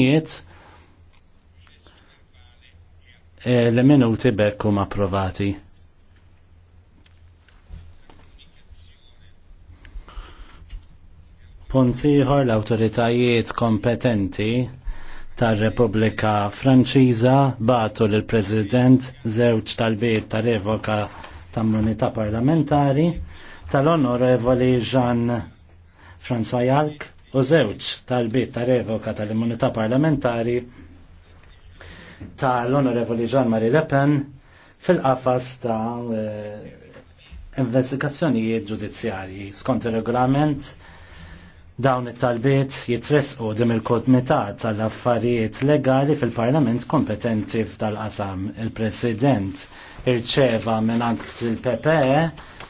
Jiet eh, le minuti bekkum approvati. Puntiħor l-autoritajiet kompetenti tar Repubblika Franċiża batu l president żewġ tal-biet ta' revoka ta' munita parlamentari tal-onorevoli Jean François Jalk u żewġ tal-bit ta' revoka tal-immunità parlamentari tal-Onorevoli Jean Marie Le Pen fil-qafas ta' eh, investigazzjonijiet ġudizzjarji. Skont il-regolament dawn it-talbiet jitresqu dim il-Komitat tal-Affarijiet Legali fil-Parlament kompetenti f'tal-qasam. Il-President irċeva minn il-PPE